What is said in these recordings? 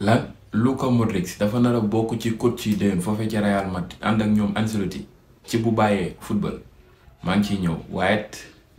lan Luka Modric dafa nar a bokk ci coach yi déwén foofee ca Real Madrid ànd ak ñoom Ancelotti ci bu bàyyee football maa ngi ciy ñëw waaye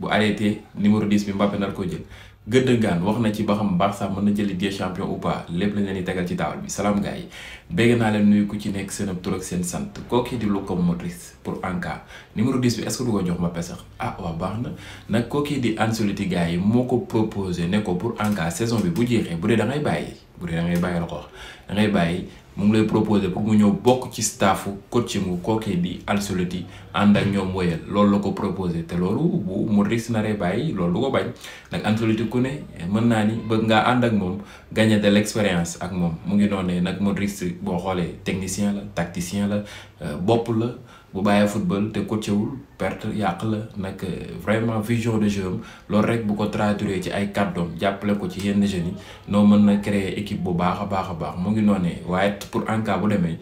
bu arrêté numéro 10 bi Mbappé nar ko jël gëddëgaan wax na ci ba xam baax sax mën na jëli des champion ou pas lépp lañ leen di tegal ci bi salaam gars yi bégg naa leen nuyu ku ci nekk seen ab tur seen sant kooku di Luka Modric pour Anca numéro 10 bi est-ce jox Mbappé sax ah waa baax na nag kooku di Ancelotti gars yi moo ko proposé ne ko pour Anca saison bi bu jeexee bu dee da bàyyi. bu dee da ngay bàyyi la ko wax da bàyyi mu ngi lay proposer pour mu ñëw bokk ci staffu coachingu kookee di Ancelotti ànd ak ñoom woyal loolu la ko proposer te loolu bu Modric naree bàyyi loolu du ko bañ nag Ancelotti ku ne mën naa ni bëgg ngaa ànd ak moom gagner de l'expérience ak moom mu ngi noonu ne nag Modric boo xoolee technicien la tacticien la euh, bopp la. bu bàyyee football te coachewul perte yàq la nag euh, vraiment vision de jeu am loolu rek bu ko traduire ci ay kàddoom jàppale ko ci yenn jeunes yi noo mën na créer équipe bu baax a baax a baax mu ngi noonee waaye pour en cas bu demee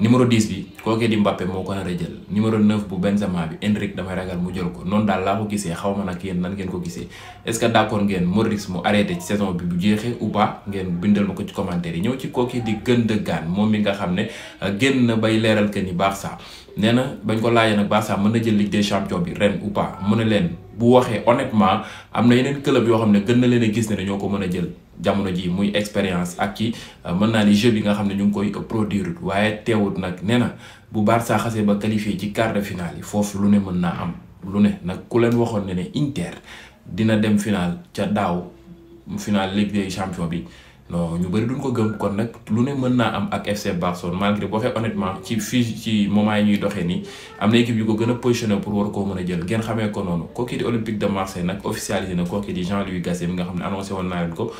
numéro 10 bi kookee di Mbappé moo ko nar a jël numéro 9 bu Benzema bi Endrick damay ragal mu jël ko noonu daal laa ko gisee xaw ma nag yéen nan ngeen ko gisee est-ce que d'accord ngeen Modric mu arrêté ci saison bi bu jeexee ou pas ngeen bindal ko ci commentaire yi ñëw ci kookee di gën dëggaan moom mi nga xam ne euh, génn na bay leeral que ni baax sax nee na bañ ko laajee nag Barça mën na jël Ligue des champions bi ren ou pas mu ne leen bu waxee honnêtement am na yeneen club yoo xam ne gën na leen a gis ne dañoo ko mën a jël jamono ji muy expérience ak ci euh, mën naa ni jeu yi nga xam ne ñu ngi koy produire waaye teewut nag nee na bu Barça xasee ba qualifié ci quart de finale yi foofu lu ne mën naa am lu ne nag ku leen waxoon ne ne Inter dina dem final ca daaw final Ligue des champions bi. non ñu bëri duñ ko gëm kon nag lu ne mën naa am ak FC Barcelone malgré boo xee honnêtement ci fii ci moment yi ñuy doxee nii am na équipe yu ko gën a positionné pour war koo mën a jël ngeen xamee ko noonu kooku di Olympique de Marseille nag officialisé na kooku di Jean-Louis Gasset mi nga xam ne annoncé woon naa leen ko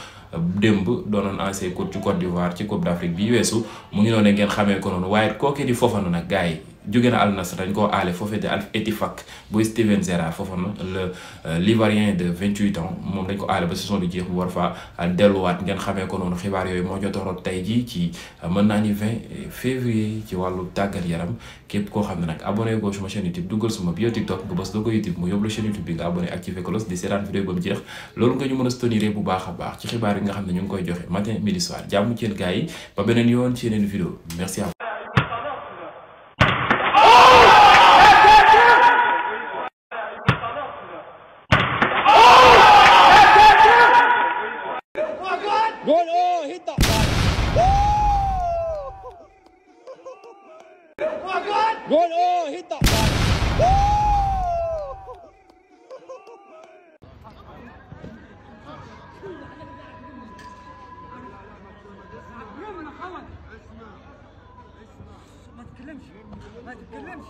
démb doonoon ancien coach ci Côte d'Ivoire ci Coupe d'Afrique bi weesu mu ngi noonu ngeen xamee ko noonu waaye kooku di Fofana nag gars yi. jóge na Al Nassr dañ koo aale foofee de Al Ettifaq bu Steven Gerrard foofu na le euh, l'Ivoirien de 28 ans moom dañ ko aale ba saison bi jeex bu war faa delluwaat ngeen xamee ko noonu xibaar yooyu moo jotoon tey jii ci euh, mën naa ni 20 février ci wàllu tàggat yaram képp koo xam ne nag abonné goo suma chaîne YouTube duggal suma bio TikTok nga bës doo ko YouTube mu yóbbu la chaîne YouTube bi nga abonné activé cloche di seetaan vidéo ba mu jeex loolu nga ñu mën a stoniré bu baax baax ci xibaar yi nga xam ne ñu ngi koy joxe matin midi soir jàmm ci yéen gars yoon ci yeneen vidéo Good. Oh, hit that one. ما تتكلمش ما تتكلمش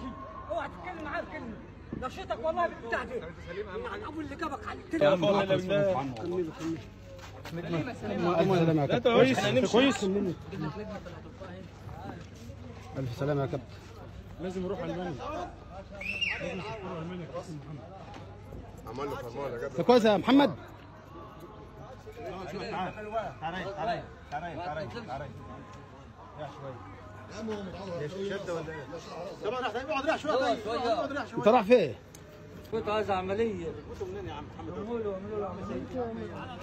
اوعى تتكلم معاه كلمه نشيطك والله بتاع دي ابو اللي جابك على التليفون يا الله كمل كمل كويس كويس الف سلامه يا كابتن لازم يروح المانيا لازم يروح المانيا كاس محمد عمل له فرمانه كويس يا محمد تعال تعال تعال تعال تعال يا شوي شده ولا ايه؟ طبعا اقعد راح شويه اقعد راح شويه انت رايح فين؟ كنت عايز عمليه كنت منين يا عم محمد؟ اعملوا له اعملوا له عمليه